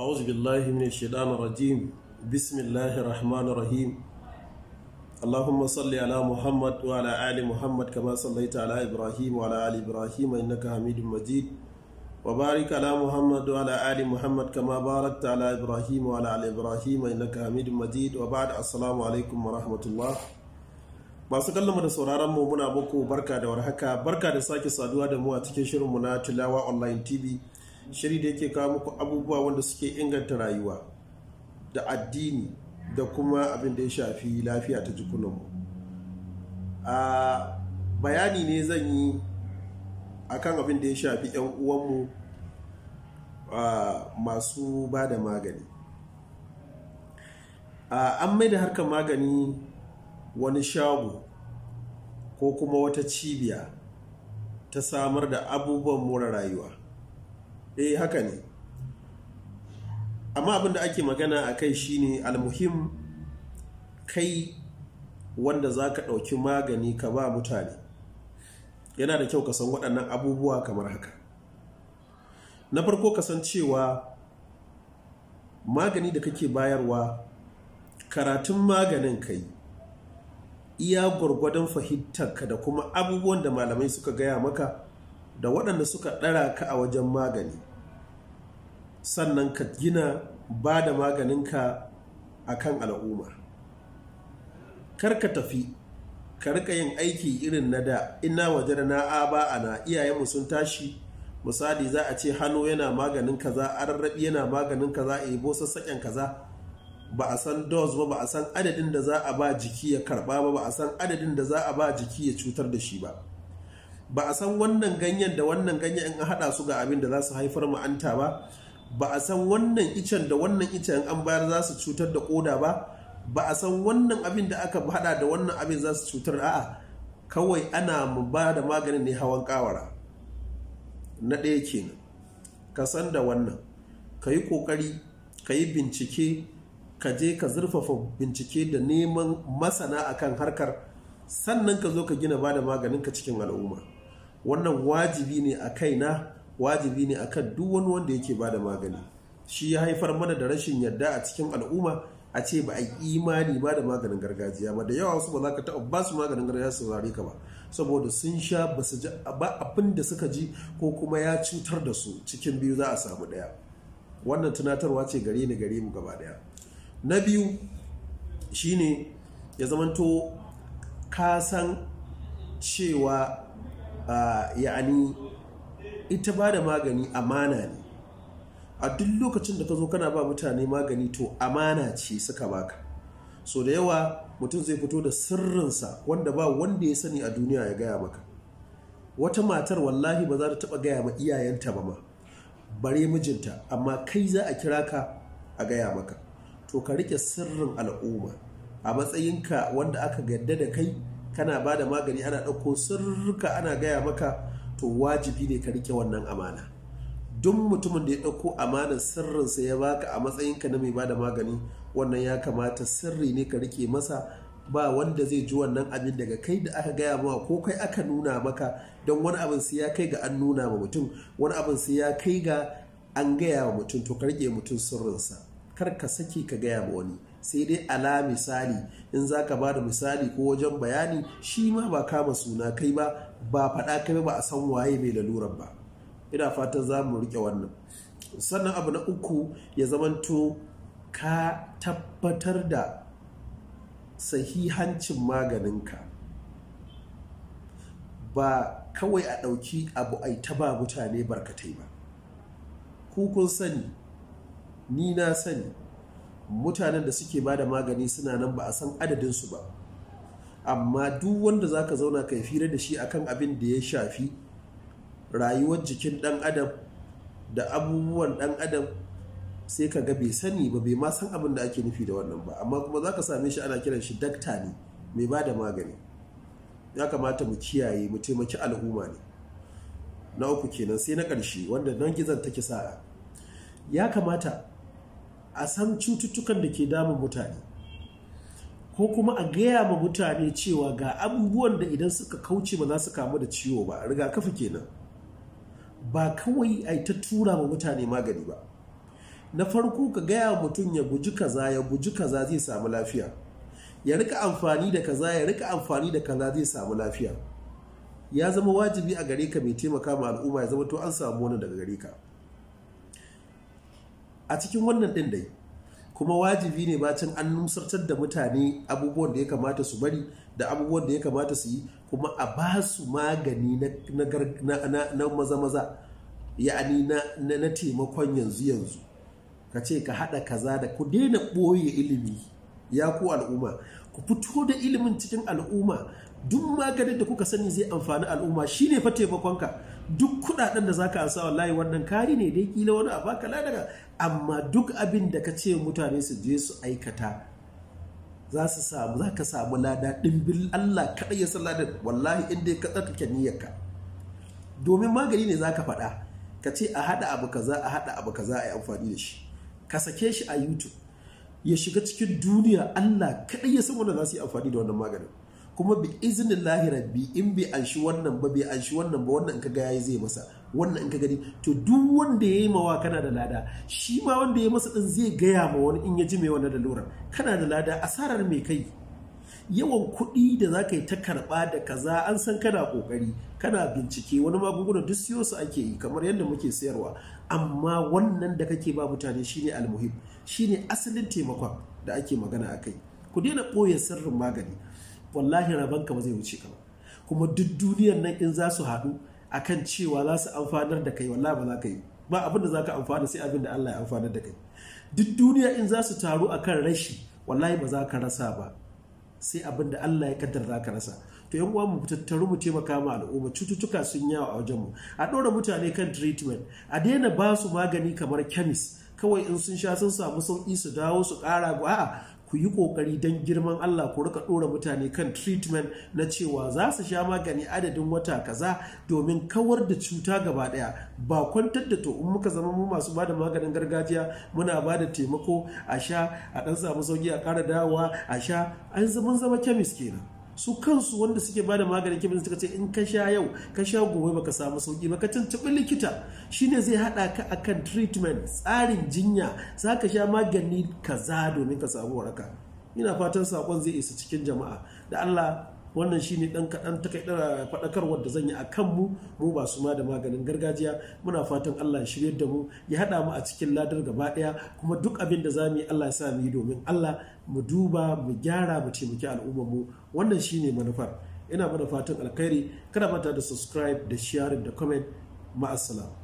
أعوذ بالله من الشيطان الرجيم بسم الله الرحمن الرحيم اللهم صل على محمد وعلى آل محمد كما صليت على إبراهيم وعلى آل إبراهيم إنك حميد مجيد وبارك على محمد وعلى آل محمد كما باركت على إبراهيم وعلى آل إبراهيم إنك حميد مجيد وبعد السلام عليكم ورحمة الله masu kallon da sauraron mu muna muku barka da warhaka barka da sake saduwa da mu a cikin shirinmu na Tilawa Online TV shiri da yake kawo muku abubuwa wanda suke inganta rayuwa da addini da kuma abin da ya shafi lafiya ta jikunanmu a bayani ne zan yi akan abin da ya shafi 'yan uwanmu masu ba da magani an mai da harkar magani wani shago ko kuma wata cibiya ta samar da abubuwan more rayuwa eh haka ne amma abinda ake magana a kai shine almuhim kai wanda za ka ɗauki magani ka ba mutane yana da kyau ka san waɗannan abubuwa kamar haka na farko ka cewa magani da kake bayarwa karatun maganin kai iya gwargwadon ka da kuma abubuwan da malamai suka gaya maka da waɗanda suka ɗara ka a wajen magani sannan ka gina ba da maganinka a kan al'umma kar ka tafi ka rika yin aiki irin na da ina waje da na'a ba ana iyayenmu sun tashi misali za a ce hannu yana maganin kaza ararrabi yana maganin kaza a yabo sassaƙen kaza ba a san dose ba ba a san adadin da za a ba jiki ya karba ba ba a san adadin da za a ba jiki ya cutar da shi ba ba a san wannan ganyen da wannan ganyen in haɗa su ga abin da za su haifar ma'anta ba ba a san wannan icen da wannan icen an bayar za su cutar da koda ba ba a san wannan abin da aka haɗa da wannan abin za su cutar a'a kawai ana ba da maganin ne hawan kawara na ɗaya kenan ka san da wannan ka yi ƙoƙari ka yi bincike ka je ka zurfafa bincike da neman masana akan harkar sannan ka zo ka gina ba da maganinka cikin al'umma wannan wajibi ne a kaina wajibi ne akan duk wani wanda yake bada magani shi ya haifar mana da rashin yadda a cikin al'umma a ce ba a imani ba da maganin gargajiya ba da yawa wasu ba za ka taɓa ba su maganin gargajiya su zare ka ba saboda sun sha ba su ba abin da suka ji ko kuma ya cutar da su cikin biyu za a samu ɗaya wannan tunatarwa ce gare ni gare mu gaba ɗaya na biyu shine ya zamanto ka san cewa ya'ani ita ba da magani amana ne a duk lokacin da ka zo kana ba mutane magani to amana ce suka baka so da yawa mutum zai fito da sirrinsa wanda ba wanda ya sani a duniya ya gaya maka wata matar wallahi ba za ta taba gaya ma iyayenta ba ma bare mijinta amma kai za a kira ka a gaya maka to ka rike sirrin al'umma a matsayinka wanda aka gadda da kai kana ba da magani ana ɗauko sirrika ana gaya maka to wajibi ne ka rike wannan amana duk mutumin da ya ɗauko amanar sirrinsa ya baka a matsayinka na mai ba da magani wannan ya kamata sirri ne ka rike masa ba wanda zai ji wannan abin daga kai da aka gaya ma ko kai aka nuna maka don wani abin sai ya kai ga an nuna ma mutum wani abin sai ya kai ga an gaya ma mutum to ka rike mutum sirrinsa kar ka sake ka gaya ma wani sai dai ala misali in za ka ba da misali ko wajen bayani shi ma ba kama suna kai ba ba faɗa kai ba a san waye mai lalurar ba ina fatan za mu riƙe wannan sannan abu na uku ya zamanto ka tabbatar da sahihancin maganinka ba kawai a ɗauki abu ai ta ba mutane barkatai ba ku kun sani ni na sani mutanen da suke ba da magani suna nan ba a san adadinsu ba amma duk wanda za ka zauna kai fira da shi akan abin da ya shafi rayuwar jikin ɗan adam da abubuwan ɗan adam sai ka ga bai sani ba bai ma san abin da ake nufi da wannan ba amma kuma za ka same shi ana kiran shi dakta ne mai ba da magani ya kamata mu kiyaye mu taimaki al'umma ne na uku kenan sai na ƙarshe wanda nan gizon take sa'a ya kamata a san cututtukan da ke damun mutane ko kuma a gaya ma mutane cewa ga abubuwan da idan suka kauce ba za su kamu da ciwo ba riga rigakafi kenan ba kawai a ta tura ma mutane magani ba na farko ka gaya mutum ya guji kaza ya guji kaza zai samu lafiya ya rika amfani da kaza ya rika amfani da kaza zai samu lafiya ya zama wajibi a gare ka mai taimaka ma al'umma ya zama to an samu wani daga gare ka a cikin wannan din dai kuma wajibi ne bacin an nusartar da mutane abubuwan da ya kamata su bari da abubuwan da ya kamata su yi kuma a ba su magani na maza-maza ya'ani na taimakon yanzu-yanzu ka ce ka haɗa kaza da ku daina ɓoye ilimi ya ku al'umma ku fito da ilimin cikin al'umma duk maganin da kuka sani zai amfani al'umma shine fa taimakonka duk kudaden da zaka ansa wallahi wannan kari ne dai kila wani abaka daga amma duk abin da ka ce mutane su je su aikata za su samu za ka samu lada dimbin Allah kaɗai ya san wallahi inda ka tsarkake niyyarka domin magani ne za ka faɗa ka ce a haɗa abu kaza a haɗa abu kaza a yi amfani da shi ka sake shi a YouTube ya shiga cikin duniya Allah kaɗai ya san wanda za su yi amfani da wannan maganin kuma bi izinin rabbi in bi an shi wannan ba bi an shi wannan ba wannan in kaga yayi zai masa wannan in ka gani to duk wanda yayi mawa kana da lada shi ma wanda ya masa din zai gaya ma wani in ya ji mai wannan da kana da lada asarar mai kai yawan kuɗi da za ka yi ta karɓa da kaza an san kana kokari kana bincike wani magunguna duk siyo su ake yi kamar yadda muke sayarwa amma wannan da kake ba mutane shine almuhim shine asalin taimakon da ake magana a kai ku daina ɓoye sirrin magani wallahi raban ba zai wuce ka ba kuma duk duniyar nan in za su haɗu a kan cewa za su amfanar da kai wallahi ba za ka yi ba abin za ka amfana sai abin Allah ya amfanar da kai duk duniya in za su taru a kan rashi wallahi ba za ka rasa ba sai abinda Allah ya kaddara za ka rasa to yan uwa mu tattaru mu taimaka ma al'umma cututtuka sun yawo a wajen mu a ɗora mutane kan treatment a daina ba su magani kamar chemist kawai in sun sha sun samu sauƙi su dawo su ƙara a'a ku yi kokari don girman Allah ku rika ɗora mutane kan treatment na cewa za su sha magani adadin wata kaza domin kawar da cuta gaba ɗaya ba kwantar da to in muka zama mu masu da maganin gargajiya muna ba da taimako a sha a ɗan samu sauki a ƙara dawowa a sha an zama zama kemis kenan su kansu wanda suke bada maganin kibin suka ce in ka sha yau ka sha gobe baka samu sauki ba ka tuntuɓi likita shine zai haɗa ka akan treatment tsarin jinya za ka sha magani kaza domin ka samu waraka ina fatan sakon zai isa cikin jama'a da Allah wannan shine dan kaɗan takaidar faɗakarwar da zan yi a kanmu mu ba su ma da maganin gargajiya muna fatan Allah ya shirye da mu ya haɗa mu a cikin ladar gaba ɗaya kuma duk abin da za mu yi Allah ya sa mu yi domin Allah mu duba mu gyara mu taimaki al'ummar mu wannan shine manufar ina mana fatan alkhairi kada mata da subscribe da sharing da comment ma'asala.